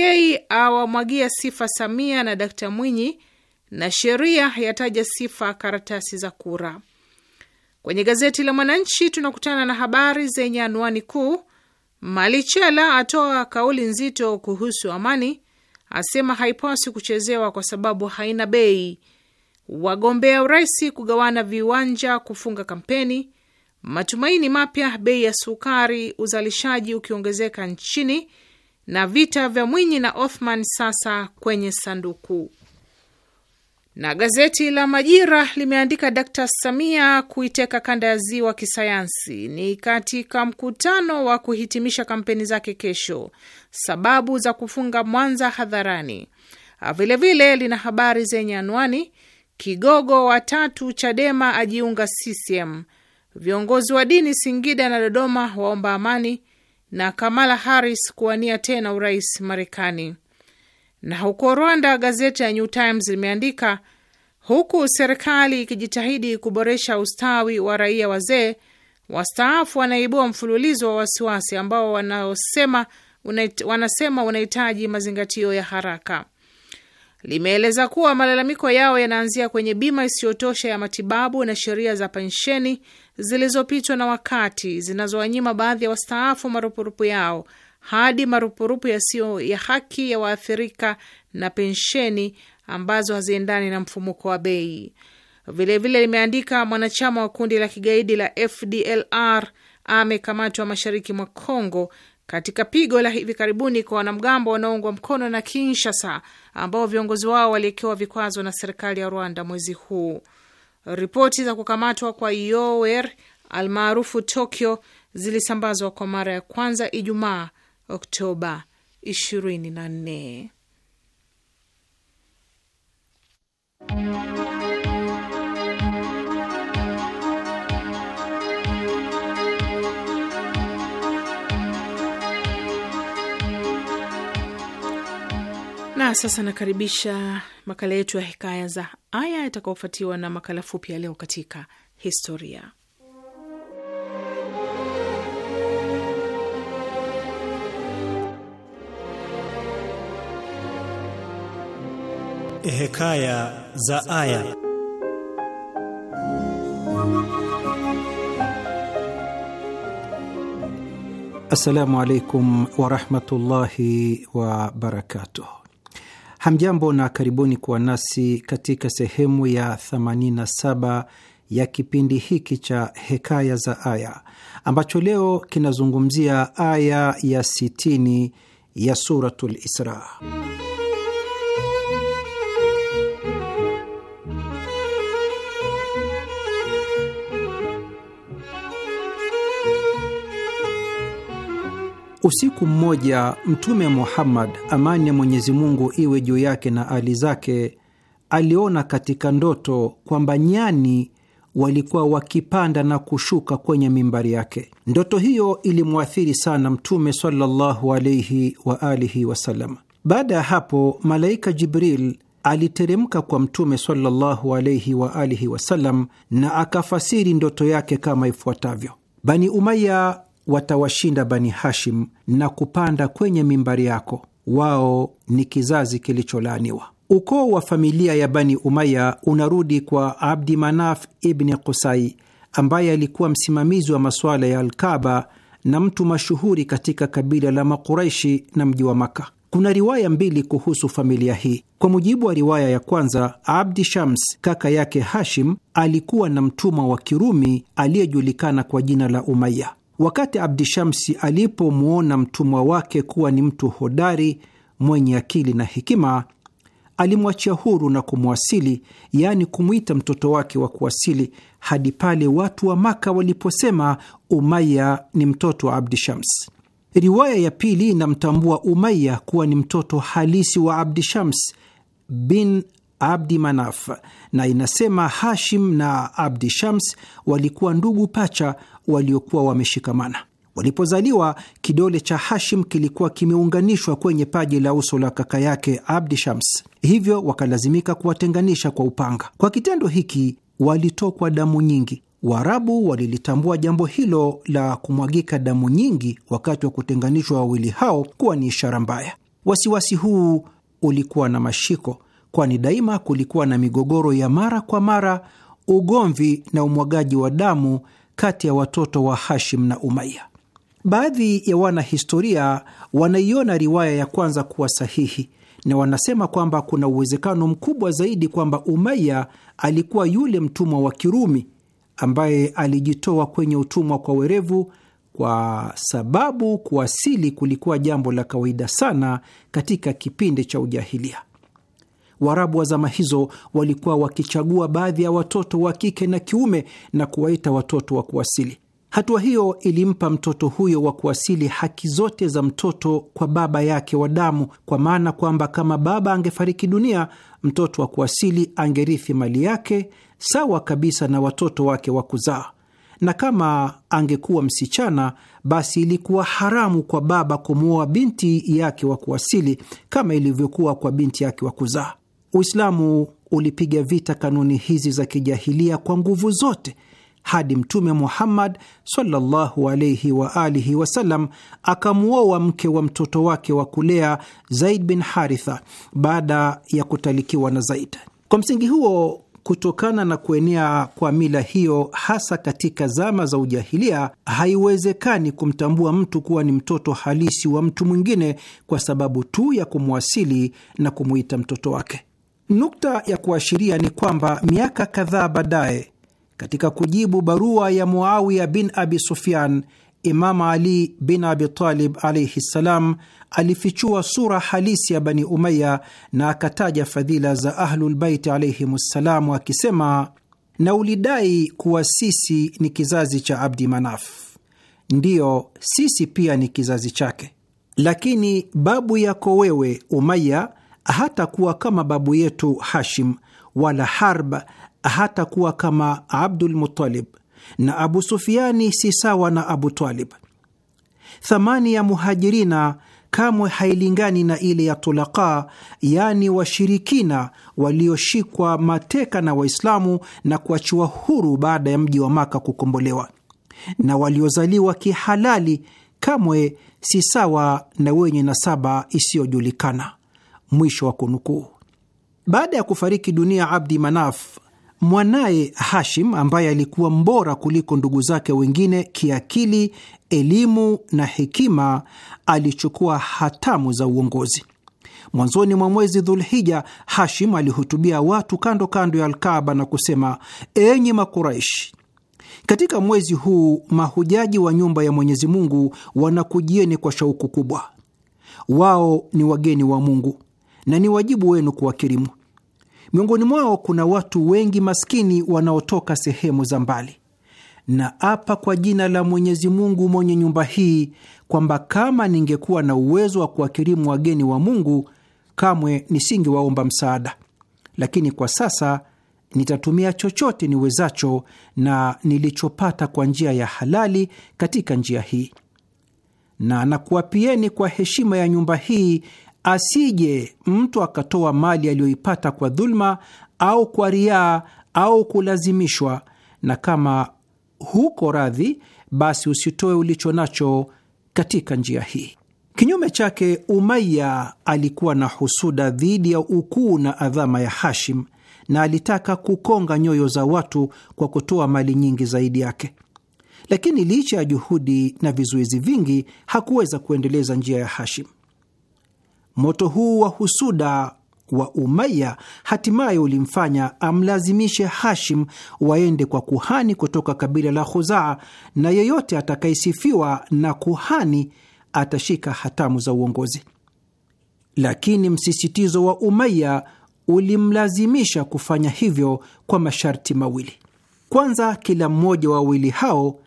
awamwagia sifa Samia na Dkt Mwinyi, na sheria yataja sifa karatasi za kura. Kwenye gazeti la Mwananchi tunakutana na habari zenye anwani kuu: Malichela atoa kauli nzito kuhusu amani, asema haipaswi kuchezewa kwa sababu haina bei. Wagombea urais kugawana viwanja kufunga kampeni matumaini mapya, bei ya sukari, uzalishaji ukiongezeka nchini, na vita vya Mwinyi na Othman sasa kwenye sanduku. Na gazeti la Majira limeandika Dkt. Samia kuiteka kanda ya ziwa kisayansi ni katika mkutano wa kuhitimisha kampeni zake kesho, sababu za kufunga Mwanza hadharani. Vilevile ah, lina habari zenye anwani Kigogo watatu Chadema ajiunga CCM Viongozi wa dini Singida na Dodoma waomba amani na Kamala Harris kuwania tena urais Marekani. Na huko Rwanda, gazeti ya New Times limeandika huku serikali ikijitahidi kuboresha ustawi wa raia wazee, wastaafu wanaibua mfululizo wa wasiwasi ambao wanasema unahitaji mazingatio ya haraka limeeleza kuwa malalamiko yao yanaanzia kwenye bima isiyotosha ya matibabu na sheria za pensheni zilizopitwa na wakati zinazowanyima baadhi ya wastaafu marupurupu yao hadi marupurupu yasiyo ya haki ya waathirika na pensheni ambazo haziendani na mfumuko wa bei. Vilevile limeandika mwanachama wa kundi la kigaidi la FDLR amekamatwa mashariki mwa congo katika pigo la hivi karibuni kwa wanamgambo wanaoungwa mkono na Kinshasa ambao viongozi wao waliwekewa vikwazo na serikali ya Rwanda mwezi huu, ripoti za kukamatwa kwa Yower almaarufu Tokyo zilisambazwa kwa mara ya kwanza Ijumaa, Oktoba 24. Na sasa nakaribisha makala yetu ya hikaya za Aya yatakaofuatiwa na makala fupi ya Leo katika Historia. Hekaya za Aya. Assalamu alaikum warahmatullahi wabarakatuh. Hamjambo na karibuni kuwa nasi katika sehemu ya 87 ya kipindi hiki cha Hekaya za Aya ambacho leo kinazungumzia aya ya 60 ya Suratul Isra. Usiku mmoja Mtume Muhammad, amani ya Mwenyezi Mungu iwe juu yake na ali zake, aliona katika ndoto kwamba nyani walikuwa wakipanda na kushuka kwenye mimbari yake. Ndoto hiyo ilimwathiri sana Mtume sallallahu alaihi wa alihi wasallam. Baada ya hapo, malaika Jibril aliteremka kwa Mtume sallallahu alaihi wa alihi wasallam na akafasiri ndoto yake kama ifuatavyo: Bani Umaya watawashinda Bani Hashim na kupanda kwenye mimbari yako, wao ni kizazi kilicholaaniwa. Ukoo wa familia ya Bani Umaya unarudi kwa Abdi Manaf ibni kusai ambaye alikuwa msimamizi wa masuala ya Alkaba na mtu mashuhuri katika kabila la Makuraishi na mji wa Maka. Kuna riwaya mbili kuhusu familia hii. Kwa mujibu wa riwaya ya kwanza, Abdi Shams kaka yake Hashim alikuwa na mtumwa wa Kirumi aliyejulikana kwa jina la Umaya. Wakati Abdishamsi alipomwona mtumwa wake kuwa ni mtu hodari mwenye akili na hekima, alimwachia huru na kumwasili, yaani kumwita mtoto wake wa kuasili, hadi pale watu wa Maka waliposema Umaya ni mtoto wa Abdishams. Riwaya ya pili inamtambua Umaya kuwa ni mtoto halisi wa Abdishams bin Abdi Manaf na inasema Hashim na Abdi Shams walikuwa ndugu pacha waliokuwa wameshikamana. Walipozaliwa, kidole cha Hashim kilikuwa kimeunganishwa kwenye paji la uso la kaka yake Abdi Shams, hivyo wakalazimika kuwatenganisha kwa upanga. Kwa kitendo hiki walitokwa damu nyingi. Waarabu walilitambua jambo hilo la kumwagika damu nyingi wakati wa kutenganishwa wawili hao kuwa ni ishara mbaya. Wasiwasi huu ulikuwa na mashiko, kwani daima kulikuwa na migogoro ya mara kwa mara, ugomvi na umwagaji wa damu kati ya watoto wa Hashim na Umaya. Baadhi ya wanahistoria wanaiona riwaya ya kwanza kuwa sahihi na wanasema kwamba kuna uwezekano mkubwa zaidi kwamba Umaya alikuwa yule mtumwa wa Kirumi ambaye alijitoa kwenye utumwa kwa werevu, kwa sababu kuasili kulikuwa jambo la kawaida sana katika kipindi cha ujahilia. Waarabu wa zama hizo walikuwa wakichagua baadhi ya watoto wa kike na kiume na kuwaita watoto wa kuasili. Hatua hiyo ilimpa mtoto huyo wa kuasili haki zote za mtoto kwa baba yake wa damu, kwa maana kwamba kama baba angefariki dunia, mtoto wa kuasili angerithi mali yake sawa kabisa na watoto wake wa kuzaa, na kama angekuwa msichana, basi ilikuwa haramu kwa baba kumwoa binti yake wa kuasili kama ilivyokuwa kwa binti yake wa kuzaa. Uislamu ulipiga vita kanuni hizi za kijahilia kwa nguvu zote hadi Mtume Muhammad sallallahu alaihi wa alihi wasallam akamwoa mke wa mtoto wake wa kulea Zaid bin Haritha baada ya kutalikiwa na Zaid. Kwa msingi huo, kutokana na kuenea kwa mila hiyo hasa katika zama za ujahilia, haiwezekani kumtambua mtu kuwa ni mtoto halisi wa mtu mwingine kwa sababu tu ya kumwasili na kumwita mtoto wake. Nukta ya kuashiria ni kwamba miaka kadhaa baadaye, katika kujibu barua ya Muawiya bin Abi Sufyan, Imam Ali bin Abi Talib alaihi ssalam alifichua sura halisi ya Bani Umaya na akataja fadhila za Ahlulbaiti alaihim ssalam, akisema na ulidai kuwa sisi ni kizazi cha Abdi Manaf. Ndiyo, sisi pia ni kizazi chake, lakini babu yako wewe Umaya hata kuwa kama babu yetu Hashim, wala Harb hata kuwa kama Abdul Muttalib, na Abu Sufiani si sawa na Abu Talib. Thamani ya Muhajirina kamwe hailingani na ile ya Tulaka, yaani washirikina walioshikwa mateka na Waislamu na kuachiwa huru baada ya mji wa Maka kukombolewa, na waliozaliwa kihalali kamwe si sawa na wenye nasaba isiyojulikana. Mwisho wa kunukuu. Baada ya kufariki dunia Abdi Manaf, mwanaye Hashim ambaye alikuwa mbora kuliko ndugu zake wengine kiakili, elimu na hekima, alichukua hatamu za uongozi. Mwanzoni mwa mwezi Dhulhija, Hashim alihutubia watu kando kando ya alkaba na kusema, enyi Makuraishi, katika mwezi huu mahujaji wa nyumba ya Mwenyezi Mungu wanakujieni kwa shauku kubwa. Wao ni wageni wa Mungu na ni wajibu wenu kuwakirimu. Miongoni mwao kuna watu wengi maskini wanaotoka sehemu za mbali, na apa kwa jina la Mwenyezi Mungu mwenye nyumba hii kwamba kama ningekuwa na uwezo wa kuwakirimu wageni wa Mungu kamwe nisingewaomba msaada, lakini kwa sasa nitatumia chochote niwezacho na nilichopata kwa njia ya halali katika njia hii, na nakuapieni kwa heshima ya nyumba hii asije mtu akatoa mali aliyoipata kwa dhuluma au kwa riaa au kulazimishwa, na kama huko radhi, basi usitoe ulicho nacho katika njia hii. Kinyume chake, Umaya alikuwa na husuda dhidi ya ukuu na adhama ya Hashim na alitaka kukonga nyoyo za watu kwa kutoa mali nyingi zaidi yake, lakini licha ya juhudi na vizuizi vingi hakuweza kuendeleza njia ya Hashim. Moto huu wa husuda wa Umaya hatimaye ulimfanya amlazimishe Hashim waende kwa kuhani kutoka kabila la Khuzaa, na yeyote atakayesifiwa na kuhani atashika hatamu za uongozi. Lakini msisitizo wa Umaya ulimlazimisha kufanya hivyo kwa masharti mawili. Kwanza, kila mmoja wa wawili hao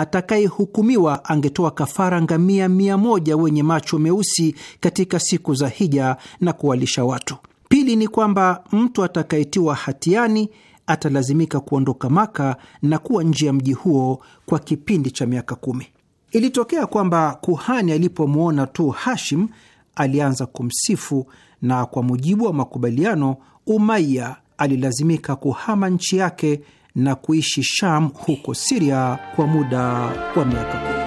atakayehukumiwa angetoa kafara ngamia mia moja wenye macho meusi katika siku za hija na kuwalisha watu. Pili ni kwamba mtu atakayetiwa hatiani atalazimika kuondoka Maka na kuwa nje ya mji huo kwa kipindi cha miaka kumi. Ilitokea kwamba kuhani alipomwona tu Hashim alianza kumsifu, na kwa mujibu wa makubaliano, umaiya alilazimika kuhama nchi yake na kuishi Sham huko Siria kwa muda wa miaka kumi.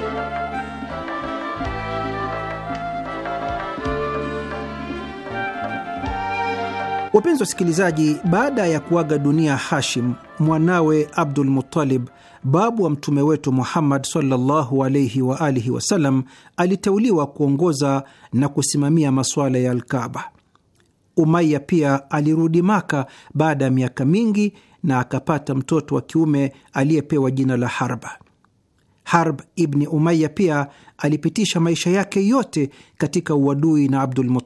Wapenzi wasikilizaji, baada ya kuaga dunia Hashim mwanawe Abdul Muttalib, babu wa mtume wetu Muhammad sallallahu alaihi wa alihi wasallam, aliteuliwa kuongoza na kusimamia masuala ya Alkaba. Umaya pia alirudi Maka baada ya miaka mingi na akapata mtoto wa kiume aliyepewa jina la Harba. Harb ibni Umaya pia alipitisha maisha yake yote katika uadui na Abdul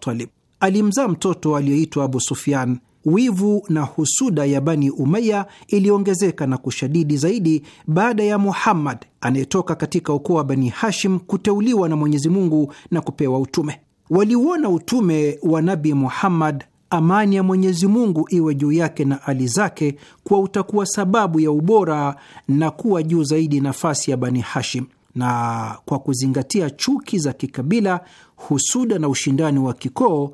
Alimzaa mtoto aliyeitwa Abu Sufyan. Wivu na husuda ya Bani Umaya iliongezeka na kushadidi zaidi baada ya Muhammad anayetoka katika ukoo wa Bani Hashim kuteuliwa na Mwenyezi Mungu na kupewa utume. Waliuona utume wa Nabi Muhammad amani ya Mwenyezi Mungu iwe juu yake na ali zake, kwa utakuwa sababu ya ubora na kuwa juu zaidi nafasi ya Bani Hashim, na kwa kuzingatia chuki za kikabila, husuda na ushindani wa kikoo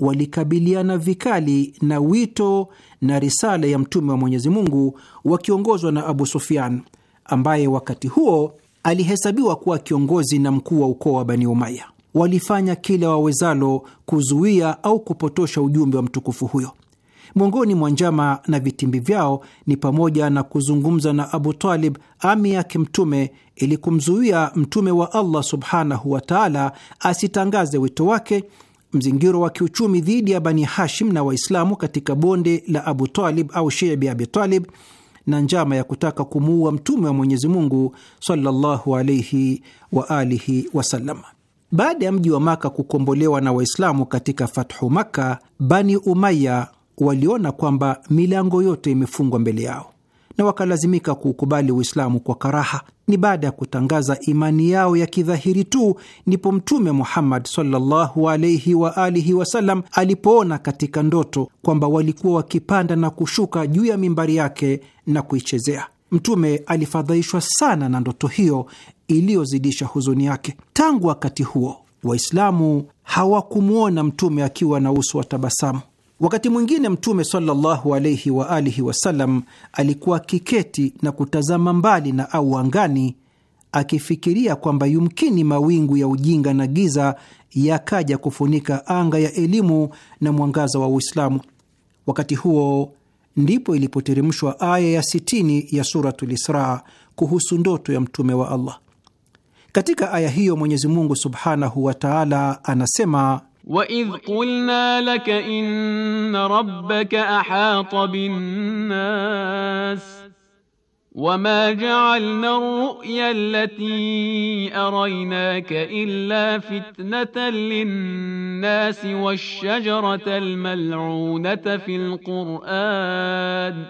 walikabiliana vikali na wito na risala ya mtume wa Mwenyezi Mungu wakiongozwa na Abu Sufyan ambaye wakati huo alihesabiwa kuwa kiongozi na mkuu wa ukoo wa Bani Umaya walifanya kila wawezalo kuzuia au kupotosha ujumbe wa mtukufu huyo. Miongoni mwa njama na vitimbi vyao ni pamoja na kuzungumza na Abu Talib, ami yake Mtume, ili kumzuia Mtume wa Allah subhanahu wa taala asitangaze wito wake, mzingiro wa kiuchumi dhidi ya Bani Hashim na Waislamu katika bonde la Abu Talib au Shibi Abi Talib, na njama ya kutaka kumuua Mtume wa Mwenyezi Mungu sallallahu alaihi waalihi wasallam. Baada ya mji wa Maka kukombolewa na Waislamu katika fathu Makka, Bani Umaya waliona kwamba milango yote imefungwa mbele yao na wakalazimika kuukubali Uislamu kwa karaha. Ni baada ya kutangaza imani yao ya kidhahiri tu ndipo Mtume Muhammad sallallahu alaihi wa alihi wasallam alipoona katika ndoto kwamba walikuwa wakipanda na kushuka juu ya mimbari yake na kuichezea. Mtume alifadhaishwa sana na ndoto hiyo iliyozidisha huzuni yake. Tangu wakati huo Waislamu hawakumwona mtume akiwa na uso wa tabasamu. Wakati mwingine Mtume sallallahu alaihi wa alihi wasallam alikuwa akiketi na kutazama mbali na au angani, akifikiria kwamba yumkini mawingu ya ujinga na giza yakaja kufunika anga ya elimu na mwangaza wa Uislamu. Wakati huo ndipo ilipoteremshwa aya ya 60 ya Suratul kuhusu ndoto ya mtume wa Allah. Katika aya hiyo Mwenyezi Mungu subhanahu wa taala anasema waidh qulna laka inna rabbaka ahata binnas وما جعلنا الرؤيا التي أريناك إلا فتنة للناس والشجرة الملعونة في القرآن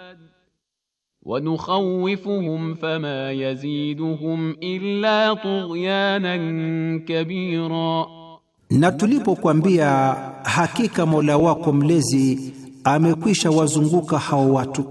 ونخوفهم فما يزيدهم إلا طغيانا كبيرا na tulipokuambia hakika mola wako mlezi amekwisha wazunguka hao watu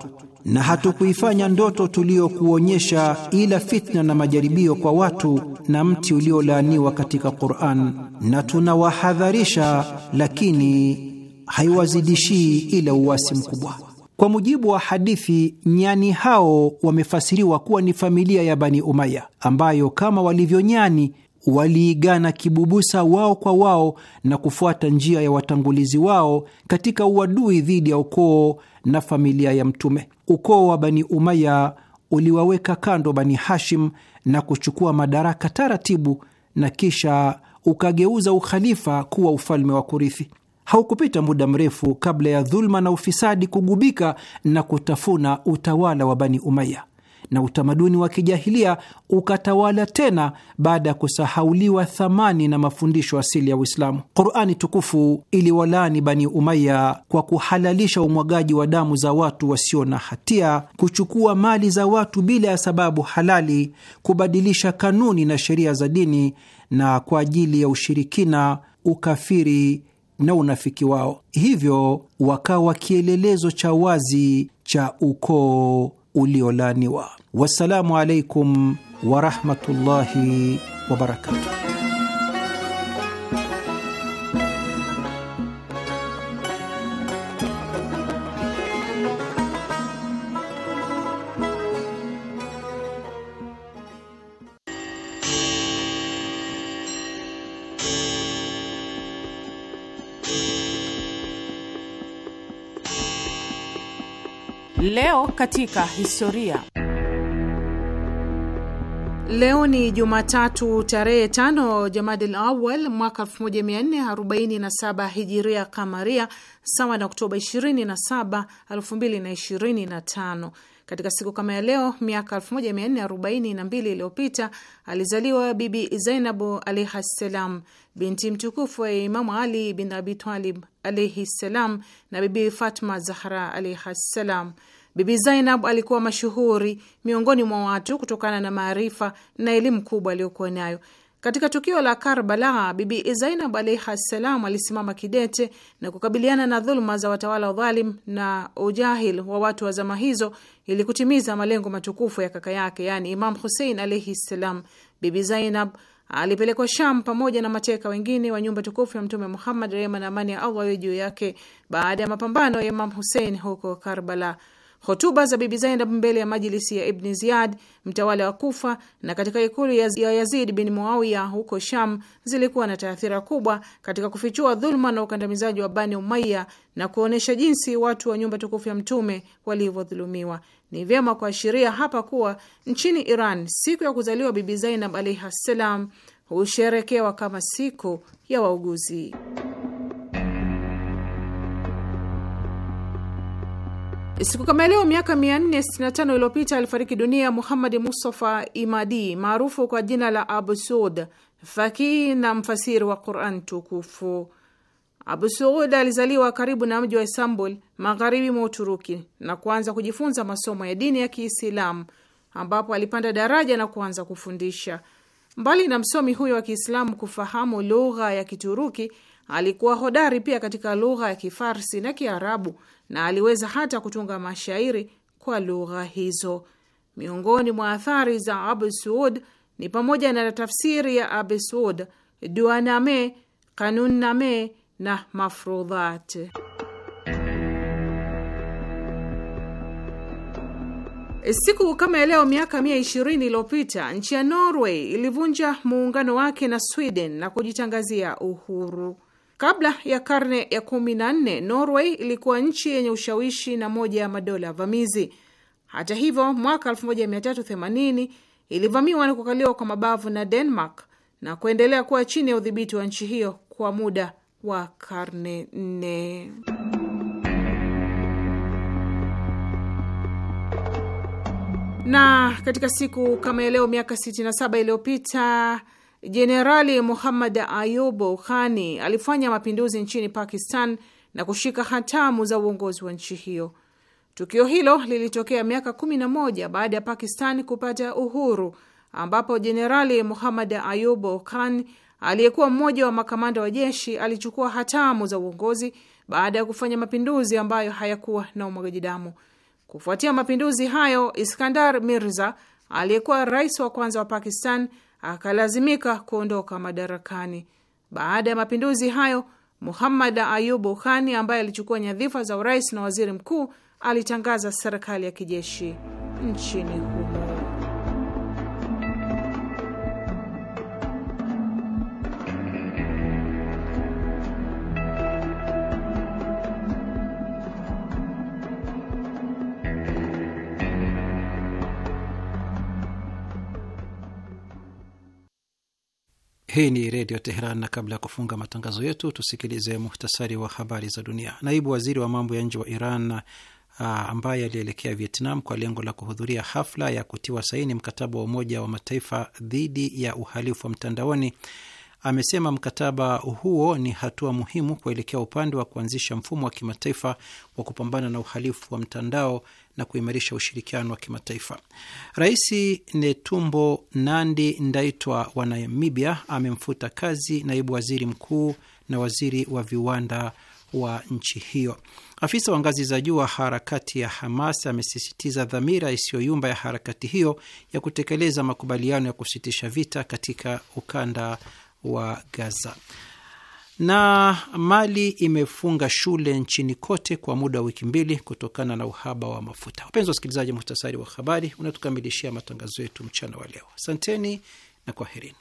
na hatukuifanya ndoto tuliyokuonyesha ila fitna na majaribio kwa watu na mti uliolaaniwa katika Qur'an, na tunawahadharisha lakini haiwazidishii ila uasi mkubwa. Kwa mujibu wa hadithi, nyani hao wamefasiriwa kuwa ni familia ya Bani Umaya ambayo kama walivyo nyani waliigana kibubusa wao kwa wao na kufuata njia ya watangulizi wao katika uadui dhidi ya ukoo na familia ya Mtume. Ukoo wa Bani Umaya uliwaweka kando Bani Hashim na kuchukua madaraka taratibu, na kisha ukageuza ukhalifa kuwa ufalme wa kurithi. Haukupita muda mrefu kabla ya dhuluma na ufisadi kugubika na kutafuna utawala wa Bani Umaya na utamaduni wa kijahilia ukatawala tena baada ya kusahauliwa thamani na mafundisho asili ya Uislamu. Qurani tukufu iliwalaani Bani Umaya kwa kuhalalisha umwagaji wa damu za watu wasio na hatia, kuchukua mali za watu bila ya sababu halali, kubadilisha kanuni na sheria za dini, na kwa ajili ya ushirikina, ukafiri na unafiki wao, hivyo wakawa kielelezo cha wazi cha ukoo uliolaaniwa. Wassalamu alaikum warahmatullahi wabarakatuh. Leo katika historia. Leo ni Jumatatu tarehe tano Jamadil Awal mwaka 1447 hijiria kamaria, sawa na Oktoba 27, 2025. Katika siku kama ya leo miaka 1442 iliyopita alizaliwa Bibi Zainabu alaihi ssalam, binti mtukufu wa Imamu Ali bin abitalib alaihi ssalam na Bibi Fatma Zahra alaihi ssalam. Bibi Zainab alikuwa mashuhuri miongoni mwa watu kutokana na maarifa na elimu kubwa aliyokuwa nayo. Katika tukio la Karbala, Bibi Zainab alaihi ssalam alisimama kidete na kukabiliana na dhuluma za watawala dhalim na ujahil wa watu wa zama hizo ili kutimiza malengo matukufu ya kaka yake, yani Imam Husein alaihi ssalam. Bibi Zainab alipelekwa Sham pamoja na mateka wengine wa nyumba tukufu ya Mtume Muhammad, rehma na amani ya Allah juu yake, baada ya mapambano ya Imam Husein huko Karbala. Hotuba za Bibi Zainab mbele ya majilisi ya Ibni Ziyad, mtawala wa Kufa, na katika ikulu ya Yazid bin Muawiya huko Sham zilikuwa na taathira kubwa katika kufichua dhuluma na ukandamizaji wa Bani Umaya na kuonyesha jinsi watu wa nyumba tukufu ya Mtume walivyodhulumiwa. Ni vyema kuashiria hapa kuwa nchini Iran siku ya kuzaliwa Bibi Zainab alaihi ssalam husherekewa kama siku ya wauguzi. Siku kama leo miaka 465 iliyopita alifariki dunia Muhammad Mustafa Imadi maarufu kwa jina la Abu Suud, fakihi na mfasiri wa Quran tukufu. Abu Suud alizaliwa karibu na mji wa Istanbul magharibi mwa Uturuki na kuanza kujifunza masomo ya dini ya Kiislamu ambapo alipanda daraja na kuanza kufundisha. Mbali na msomi huyo wa Kiislamu kufahamu lugha ya Kituruki, alikuwa hodari pia katika lugha ya Kifarsi na Kiarabu na aliweza hata kutunga mashairi kwa lugha hizo. Miongoni mwa athari za Abu Suud ni pamoja na tafsiri ya Abu Suud, Duaname, Kanunname na Mafrudhat. Siku kama ya leo miaka mia ishirini iliyopita nchi ya Norway ilivunja muungano wake na Sweden na kujitangazia uhuru. Kabla ya karne ya kumi na nne Norway ilikuwa nchi yenye ushawishi na moja ya madola vamizi. Hata hivyo, mwaka 1380 ilivamiwa na kukaliwa kwa mabavu na Denmark na kuendelea kuwa chini ya udhibiti wa nchi hiyo kwa muda wa karne nne. Na katika siku kama ya leo miaka 67 iliyopita Jenerali Muhammad Ayubu Khani alifanya mapinduzi nchini Pakistan na kushika hatamu za uongozi wa nchi hiyo. Tukio hilo lilitokea miaka 11 baada ya Pakistan kupata uhuru, ambapo Jenerali Muhammad Ayubu Khan aliyekuwa mmoja wa makamanda wa jeshi alichukua hatamu za uongozi baada ya kufanya mapinduzi ambayo hayakuwa na umwagaji damu. Kufuatia mapinduzi hayo, Iskandar Mirza aliyekuwa rais wa kwanza wa Pakistan akalazimika kuondoka madarakani. Baada ya mapinduzi hayo, Muhammad Ayubu Khani ambaye alichukua nyadhifa za urais na waziri mkuu alitangaza serikali ya kijeshi nchini humo. Hii ni Redio Teheran, na kabla ya kufunga matangazo yetu tusikilize muhtasari wa habari za dunia. Naibu waziri wa mambo ya nje wa Iran uh, ambaye alielekea Vietnam kwa lengo la kuhudhuria hafla ya kutiwa saini mkataba wa Umoja wa Mataifa dhidi ya uhalifu wa mtandaoni amesema mkataba huo ni hatua muhimu kuelekea upande wa kuanzisha mfumo wa kimataifa wa kupambana na uhalifu wa mtandao na kuimarisha ushirikiano wa kimataifa. Rais Netumbo Nandi Ndaitwa wa Namibia amemfuta kazi naibu waziri mkuu na waziri wa viwanda wa nchi hiyo. Afisa wa ngazi za juu wa harakati ya Hamas amesisitiza dhamira isiyoyumba ya harakati hiyo ya kutekeleza makubaliano ya kusitisha vita katika ukanda wa Gaza. Na Mali imefunga shule nchini kote kwa muda wa wiki mbili kutokana na uhaba wa mafuta. Wapenzi wasikilizaji, muhtasari wa habari unatukamilishia matangazo yetu mchana wa leo. Asanteni na kwaherini.